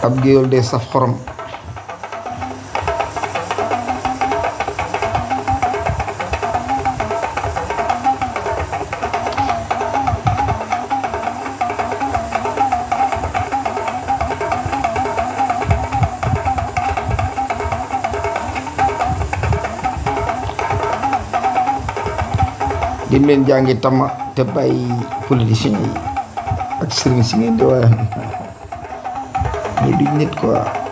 ab géwél day saf xorom dim leen jàngi tama te bàyyi politiciens yi ak sëriñ si ngeen di waaye muy duñ nit quoi.